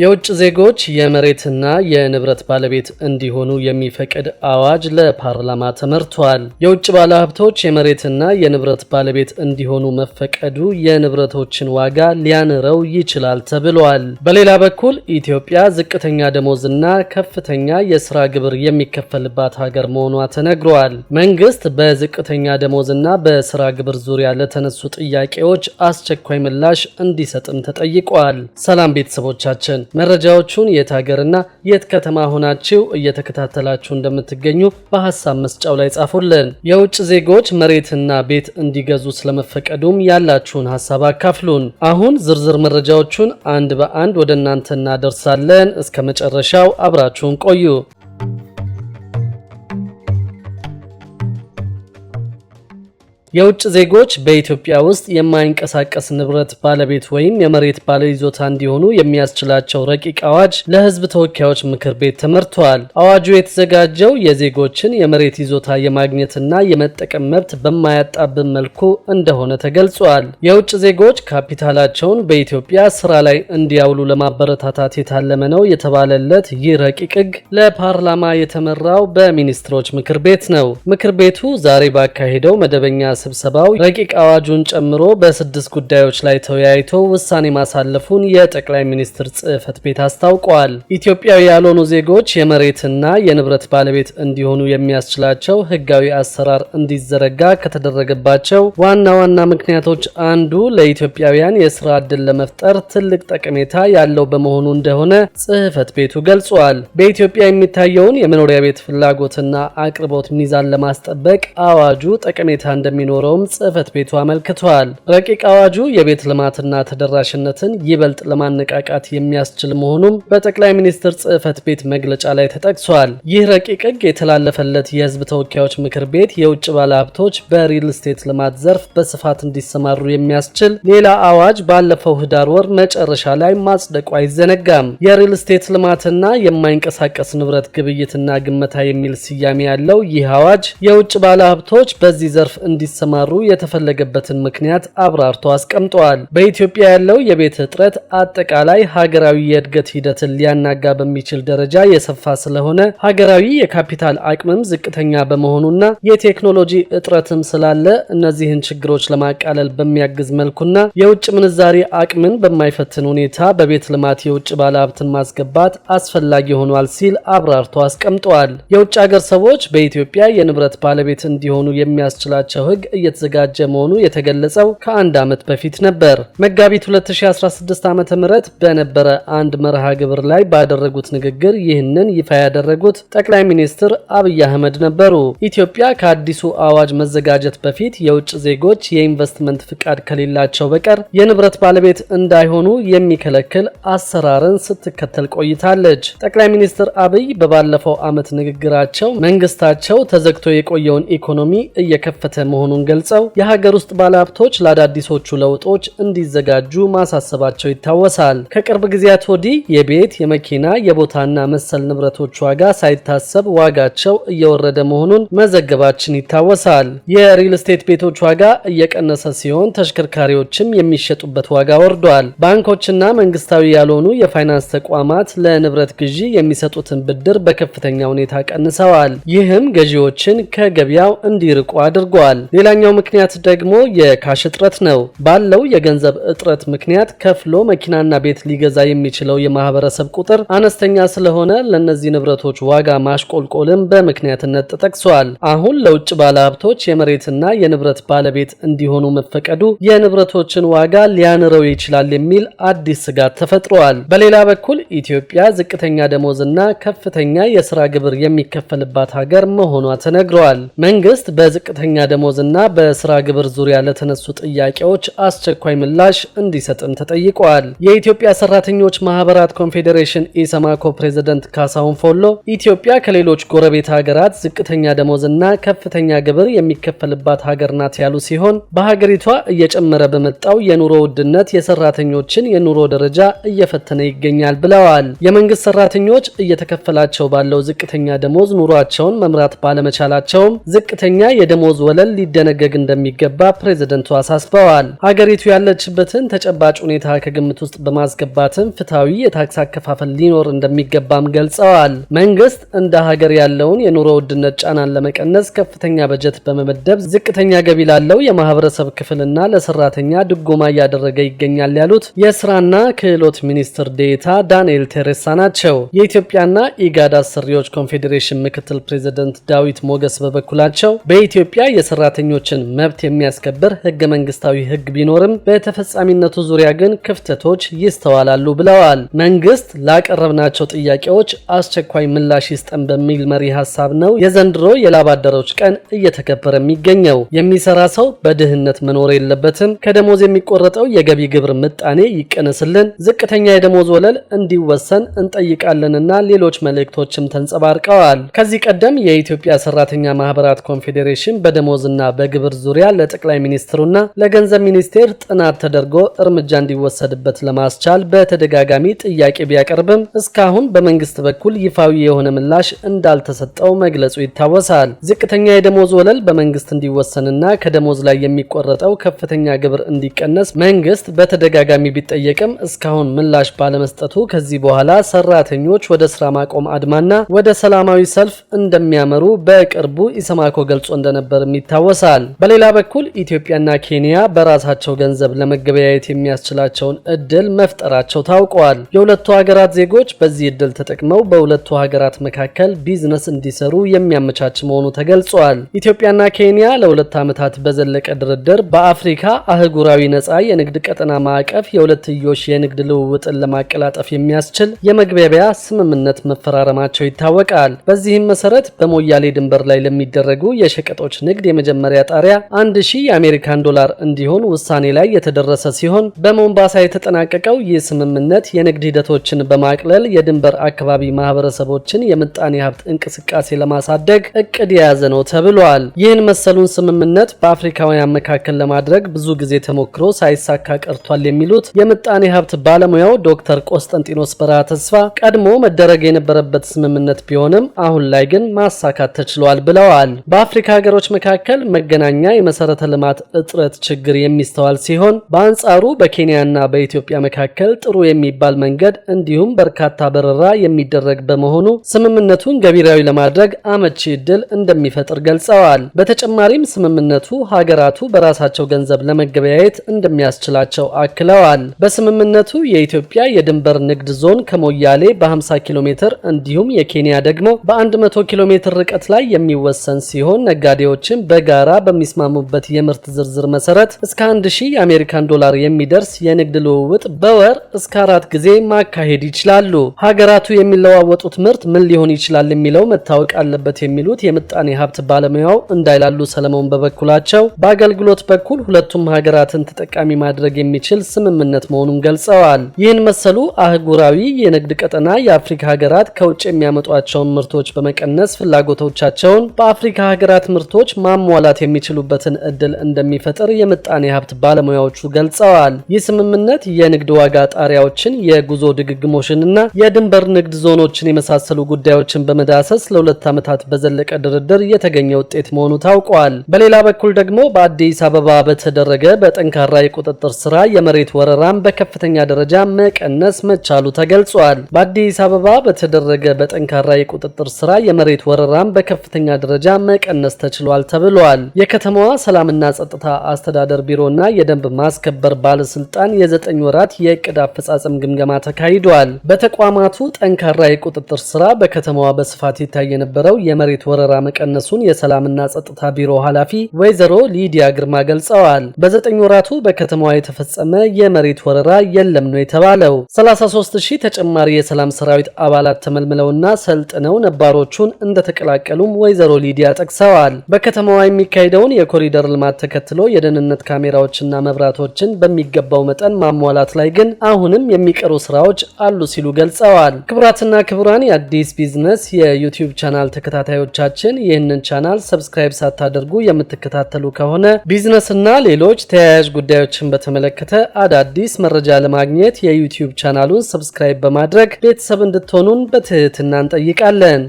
የውጭ ዜጎች የመሬትና የንብረት ባለቤት እንዲሆኑ የሚፈቅድ አዋጅ ለፓርላማ ተመርቷል። የውጭ ባለሀብቶች የመሬትና የንብረት ባለቤት እንዲሆኑ መፈቀዱ የንብረቶችን ዋጋ ሊያንረው ይችላል ተብሏል። በሌላ በኩል ኢትዮጵያ ዝቅተኛ ደሞዝና ከፍተኛ የስራ ግብር የሚከፈልባት ሀገር መሆኗ ተነግሯል። መንግስት በዝቅተኛ ደሞዝና በስራ ግብር ዙሪያ ለተነሱ ጥያቄዎች አስቸኳይ ምላሽ እንዲሰጥም ተጠይቋል። ሰላም ቤተሰቦቻችን መረጃዎቹን የት ሀገርና የት ከተማ ሆናችሁ እየተከታተላችሁ እንደምትገኙ በሀሳብ መስጫው ላይ ጻፉልን። የውጭ ዜጎች መሬትና ቤት እንዲገዙ ስለመፈቀዱም ያላችሁን ሀሳብ አካፍሉን። አሁን ዝርዝር መረጃዎቹን አንድ በአንድ ወደ እናንተ እናደርሳለን። እስከ መጨረሻው አብራችሁን ቆዩ። የውጭ ዜጎች በኢትዮጵያ ውስጥ የማይንቀሳቀስ ንብረት ባለቤት ወይም የመሬት ባለይዞታ እንዲሆኑ የሚያስችላቸው ረቂቅ አዋጅ ለሕዝብ ተወካዮች ምክር ቤት ተመርቷል። አዋጁ የተዘጋጀው የዜጎችን የመሬት ይዞታ የማግኘትና የመጠቀም መብት በማያጣብን መልኩ እንደሆነ ተገልጿል። የውጭ ዜጎች ካፒታላቸውን በኢትዮጵያ ስራ ላይ እንዲያውሉ ለማበረታታት የታለመ ነው የተባለለት ይህ ረቂቅ ሕግ ለፓርላማ የተመራው በሚኒስትሮች ምክር ቤት ነው። ምክር ቤቱ ዛሬ ባካሄደው መደበኛ ስብሰባው ረቂቅ አዋጁን ጨምሮ በስድስት ጉዳዮች ላይ ተወያይቶ ውሳኔ ማሳለፉን የጠቅላይ ሚኒስትር ጽህፈት ቤት አስታውቋል። ኢትዮጵያዊ ያልሆኑ ዜጎች የመሬትና የንብረት ባለቤት እንዲሆኑ የሚያስችላቸው ህጋዊ አሰራር እንዲዘረጋ ከተደረገባቸው ዋና ዋና ምክንያቶች አንዱ ለኢትዮጵያውያን የስራ ዕድል ለመፍጠር ትልቅ ጠቀሜታ ያለው በመሆኑ እንደሆነ ጽህፈት ቤቱ ገልጿል። በኢትዮጵያ የሚታየውን የመኖሪያ ቤት ፍላጎትና አቅርቦት ሚዛን ለማስጠበቅ አዋጁ ጠቀሜታ እንደሚኖር እንደሚኖረውም ጽህፈት ቤቱ አመልክቷል። ረቂቅ አዋጁ የቤት ልማትና ተደራሽነትን ይበልጥ ለማነቃቃት የሚያስችል መሆኑም በጠቅላይ ሚኒስትር ጽህፈት ቤት መግለጫ ላይ ተጠቅሷል። ይህ ረቂቅ ህግ የተላለፈለት የህዝብ ተወካዮች ምክር ቤት የውጭ ባለሀብቶች በሪል ስቴት ልማት ዘርፍ በስፋት እንዲሰማሩ የሚያስችል ሌላ አዋጅ ባለፈው ህዳር ወር መጨረሻ ላይ ማጽደቁ አይዘነጋም። የሪል ስቴት ልማትና የማይንቀሳቀስ ንብረት ግብይትና ግመታ የሚል ስያሜ ያለው ይህ አዋጅ የውጭ ባለሀብቶች በዚህ ዘርፍ እንዲሰ እንዲያሰማሩ የተፈለገበትን ምክንያት አብራርቶ አስቀምጠዋል። በኢትዮጵያ ያለው የቤት እጥረት አጠቃላይ ሀገራዊ የእድገት ሂደትን ሊያናጋ በሚችል ደረጃ የሰፋ ስለሆነ ሀገራዊ የካፒታል አቅምም ዝቅተኛ በመሆኑና የቴክኖሎጂ እጥረትም ስላለ እነዚህን ችግሮች ለማቃለል በሚያግዝ መልኩና የውጭ ምንዛሪ አቅምን በማይፈትን ሁኔታ በቤት ልማት የውጭ ባለሀብትን ማስገባት አስፈላጊ ሆኗል ሲል አብራርቶ አስቀምጠዋል። የውጭ ሀገር ሰዎች በኢትዮጵያ የንብረት ባለቤት እንዲሆኑ የሚያስችላቸው ሕግ እየተዘጋጀ መሆኑ የተገለጸው ከአንድ ዓመት በፊት ነበር። መጋቢት 2016 ዓ ም በነበረ አንድ መርሃ ግብር ላይ ባደረጉት ንግግር ይህንን ይፋ ያደረጉት ጠቅላይ ሚኒስትር አብይ አህመድ ነበሩ። ኢትዮጵያ ከአዲሱ አዋጅ መዘጋጀት በፊት የውጭ ዜጎች የኢንቨስትመንት ፍቃድ ከሌላቸው በቀር የንብረት ባለቤት እንዳይሆኑ የሚከለክል አሰራርን ስትከተል ቆይታለች። ጠቅላይ ሚኒስትር አብይ በባለፈው ዓመት ንግግራቸው መንግስታቸው ተዘግቶ የቆየውን ኢኮኖሚ እየከፈተ መሆኑን መሆኑን ገልጸው የሀገር ውስጥ ባለሀብቶች ለአዳዲሶቹ ለውጦች እንዲዘጋጁ ማሳሰባቸው ይታወሳል። ከቅርብ ጊዜያት ወዲህ የቤት የመኪና፣ የቦታና መሰል ንብረቶች ዋጋ ሳይታሰብ ዋጋቸው እየወረደ መሆኑን መዘገባችን ይታወሳል። የሪል ስቴት ቤቶች ዋጋ እየቀነሰ ሲሆን ተሽከርካሪዎችም የሚሸጡበት ዋጋ ወርዷል። ባንኮችና መንግስታዊ ያልሆኑ የፋይናንስ ተቋማት ለንብረት ግዢ የሚሰጡትን ብድር በከፍተኛ ሁኔታ ቀንሰዋል። ይህም ገዢዎችን ከገበያው እንዲርቁ አድርጓል። ሌላኛው ምክንያት ደግሞ የካሽ እጥረት ነው። ባለው የገንዘብ እጥረት ምክንያት ከፍሎ መኪናና ቤት ሊገዛ የሚችለው የማህበረሰብ ቁጥር አነስተኛ ስለሆነ ለእነዚህ ንብረቶች ዋጋ ማሽቆልቆልም በምክንያትነት ተጠቅሷል። አሁን ለውጭ ባለሀብቶች የመሬትና የንብረት ባለቤት እንዲሆኑ መፈቀዱ የንብረቶችን ዋጋ ሊያንረው ይችላል የሚል አዲስ ስጋት ተፈጥሯል። በሌላ በኩል ኢትዮጵያ ዝቅተኛ ደሞዝና ከፍተኛ የስራ ግብር የሚከፈልባት ሀገር መሆኗ ተነግረዋል። መንግስት በዝቅተኛ ደሞዝና እና በስራ ግብር ዙሪያ ለተነሱ ጥያቄዎች አስቸኳይ ምላሽ እንዲሰጥም ተጠይቋል። የኢትዮጵያ ሰራተኞች ማህበራት ኮንፌዴሬሽን ኢሰማኮ ፕሬዝደንት ካሳሁን ፎሎ ኢትዮጵያ ከሌሎች ጎረቤት ሀገራት ዝቅተኛ ደሞዝ እና ከፍተኛ ግብር የሚከፈልባት ሀገር ናት ያሉ ሲሆን በሀገሪቷ እየጨመረ በመጣው የኑሮ ውድነት የሰራተኞችን የኑሮ ደረጃ እየፈተነ ይገኛል ብለዋል። የመንግስት ሰራተኞች እየተከፈላቸው ባለው ዝቅተኛ ደሞዝ ኑሯቸውን መምራት ባለመቻላቸውም ዝቅተኛ የደሞዝ ወለል ሊደ ሊደነገግ እንደሚገባ ፕሬዝደንቱ አሳስበዋል። ሀገሪቱ ያለችበትን ተጨባጭ ሁኔታ ከግምት ውስጥ በማስገባትም ፍትሐዊ የታክስ አከፋፈል ሊኖር እንደሚገባም ገልጸዋል። መንግስት እንደ ሀገር ያለውን የኑሮ ውድነት ጫናን ለመቀነስ ከፍተኛ በጀት በመመደብ ዝቅተኛ ገቢ ላለው የማህበረሰብ ክፍልና ለሰራተኛ ድጎማ እያደረገ ይገኛል ያሉት የስራና ክህሎት ሚኒስትር ዴታ ዳንኤል ቴሬሳ ናቸው። የኢትዮጵያና ኢጋድ አሰሪዎች ኮንፌዴሬሽን ምክትል ፕሬዝደንት ዳዊት ሞገስ በበኩላቸው በኢትዮጵያ የሰራተኞ የጋዜጠኞችን መብት የሚያስከብር ህገ መንግስታዊ ህግ ቢኖርም በተፈጻሚነቱ ዙሪያ ግን ክፍተቶች ይስተዋላሉ ብለዋል። መንግስት ላቀረብናቸው ጥያቄዎች አስቸኳይ ምላሽ ይስጠን በሚል መሪ ሀሳብ ነው የዘንድሮ የላባደሮች ቀን እየተከበረ የሚገኘው። የሚሰራ ሰው በድህነት መኖር የለበትም። ከደሞዝ የሚቆረጠው የገቢ ግብር ምጣኔ ይቀነስልን፣ ዝቅተኛ የደሞዝ ወለል እንዲወሰን እንጠይቃለንና ሌሎች መልእክቶችም ተንጸባርቀዋል። ከዚህ ቀደም የኢትዮጵያ ሰራተኛ ማህበራት ኮንፌዴሬሽን በደሞዝና በ በግብር ዙሪያ ለጠቅላይ ሚኒስትሩና ለገንዘብ ሚኒስቴር ጥናት ተደርጎ እርምጃ እንዲወሰድበት ለማስቻል በተደጋጋሚ ጥያቄ ቢያቀርብም እስካሁን በመንግስት በኩል ይፋዊ የሆነ ምላሽ እንዳልተሰጠው መግለጹ ይታወሳል። ዝቅተኛ የደሞዝ ወለል በመንግስት እንዲወሰንና ከደሞዝ ላይ የሚቆረጠው ከፍተኛ ግብር እንዲቀነስ መንግስት በተደጋጋሚ ቢጠየቅም እስካሁን ምላሽ ባለመስጠቱ ከዚህ በኋላ ሰራተኞች ወደ ስራ ማቆም አድማና ወደ ሰላማዊ ሰልፍ እንደሚያመሩ በቅርቡ ኢሰማኮ ገልጾ እንደነበርም ይታወሳል። ይላል። በሌላ በኩል ኢትዮጵያና ኬንያ በራሳቸው ገንዘብ ለመገበያየት የሚያስችላቸውን እድል መፍጠራቸው ታውቋል። የሁለቱ ሀገራት ዜጎች በዚህ እድል ተጠቅመው በሁለቱ ሀገራት መካከል ቢዝነስ እንዲሰሩ የሚያመቻች መሆኑ ተገልጿል። ኢትዮጵያና ኬንያ ለሁለት ዓመታት በዘለቀ ድርድር በአፍሪካ አህጉራዊ ነጻ የንግድ ቀጠና ማዕቀፍ የሁለትዮሽ የንግድ ልውውጥን ለማቀላጠፍ የሚያስችል የመግባቢያ ስምምነት መፈራረማቸው ይታወቃል። በዚህም መሰረት በሞያሌ ድንበር ላይ ለሚደረጉ የሸቀጦች ንግድ የመጀመሪያ መቆጣጠሪያ ጣሪያ 1000 የአሜሪካን ዶላር እንዲሆን ውሳኔ ላይ የተደረሰ ሲሆን በሞምባሳ የተጠናቀቀው ይህ ስምምነት የንግድ ሂደቶችን በማቅለል የድንበር አካባቢ ማህበረሰቦችን የምጣኔ ሀብት እንቅስቃሴ ለማሳደግ እቅድ የያዘ ነው ተብሏል። ይህን መሰሉን ስምምነት በአፍሪካውያን መካከል ለማድረግ ብዙ ጊዜ ተሞክሮ ሳይሳካ ቀርቷል የሚሉት የምጣኔ ሀብት ባለሙያው ዶክተር ቆስጠንጢኖስ በረሃ ተስፋ ቀድሞ መደረግ የነበረበት ስምምነት ቢሆንም አሁን ላይ ግን ማሳካት ተችሏል ብለዋል። በአፍሪካ ሀገሮች መካከል መገናኛ የመሰረተ ልማት እጥረት ችግር የሚስተዋል ሲሆን በአንጻሩ በኬንያና በኢትዮጵያ መካከል ጥሩ የሚባል መንገድ እንዲሁም በርካታ በረራ የሚደረግ በመሆኑ ስምምነቱን ገቢራዊ ለማድረግ አመቺ ዕድል እንደሚፈጥር ገልጸዋል። በተጨማሪም ስምምነቱ ሀገራቱ በራሳቸው ገንዘብ ለመገበያየት እንደሚያስችላቸው አክለዋል። በስምምነቱ የኢትዮጵያ የድንበር ንግድ ዞን ከሞያሌ በ50 ኪሎ ሜትር እንዲሁም የኬንያ ደግሞ በ100 ኪሎ ሜትር ርቀት ላይ የሚወሰን ሲሆን ነጋዴዎችን በጋራ በሚስማሙበት የምርት ዝርዝር መሰረት እስከ 1000 የአሜሪካን ዶላር የሚደርስ የንግድ ልውውጥ በወር እስከ አራት ጊዜ ማካሄድ ይችላሉ። ሀገራቱ የሚለዋወጡት ምርት ምን ሊሆን ይችላል የሚለው መታወቅ አለበት የሚሉት የምጣኔ ሀብት ባለሙያው እንዳይላሉ ሰለሞን በበኩላቸው በአገልግሎት በኩል ሁለቱም ሀገራትን ተጠቃሚ ማድረግ የሚችል ስምምነት መሆኑን ገልጸዋል። ይህን መሰሉ አህጉራዊ የንግድ ቀጠና የአፍሪካ ሀገራት ከውጭ የሚያመጧቸውን ምርቶች በመቀነስ ፍላጎቶቻቸውን በአፍሪካ ሀገራት ምርቶች ማሟላት የሚችሉበትን እድል እንደሚፈጥር የምጣኔ ሀብት ባለሙያዎቹ ገልጸዋል። ይህ ስምምነት የንግድ ዋጋ ጣሪያዎችን፣ የጉዞ ድግግሞሽንና የድንበር ንግድ ዞኖችን የመሳሰሉ ጉዳዮችን በመዳሰስ ለሁለት ዓመታት በዘለቀ ድርድር የተገኘ ውጤት መሆኑ ታውቋል። በሌላ በኩል ደግሞ በአዲስ አበባ በተደረገ በጠንካራ የቁጥጥር ስራ የመሬት ወረራን በከፍተኛ ደረጃ መቀነስ መቻሉ ተገልጿል። በአዲስ አበባ በተደረገ በጠንካራ የቁጥጥር ስራ የመሬት ወረራን በከፍተኛ ደረጃ መቀነስ ተችሏል ተብሏል። የከተማዋ ሰላምና ጸጥታ አስተዳደር ቢሮና የደንብ ማስከበር ባለስልጣን የዘጠኝ ወራት የእቅድ አፈጻጸም ግምገማ ተካሂደዋል። በተቋማቱ ጠንካራ የቁጥጥር ስራ በከተማዋ በስፋት ይታይ የነበረው የመሬት ወረራ መቀነሱን የሰላምና ጸጥታ ቢሮ ኃላፊ ወይዘሮ ሊዲያ ግርማ ገልጸዋል። በዘጠኝ ወራቱ በከተማዋ የተፈጸመ የመሬት ወረራ የለም ነው የተባለው። 33 ሺህ ተጨማሪ የሰላም ሰራዊት አባላት ተመልምለውና ሰልጥነው ነባሮቹን እንደተቀላቀሉም ወይዘሮ ሊዲያ ጠቅሰዋል። በከተማዋ የሚካሄ የተካሄደውን የኮሪደር ልማት ተከትሎ የደህንነት ካሜራዎችና መብራቶችን በሚገባው መጠን ማሟላት ላይ ግን አሁንም የሚቀሩ ስራዎች አሉ ሲሉ ገልጸዋል። ክቡራትና ክቡራን የአዲስ ቢዝነስ የዩቲዩብ ቻናል ተከታታዮቻችን ይህንን ቻናል ሰብስክራይብ ሳታደርጉ የምትከታተሉ ከሆነ ቢዝነስና ሌሎች ተያያዥ ጉዳዮችን በተመለከተ አዳዲስ መረጃ ለማግኘት የዩቲዩብ ቻናሉን ሰብስክራይብ በማድረግ ቤተሰብ እንድትሆኑን በትህትና እንጠይቃለን።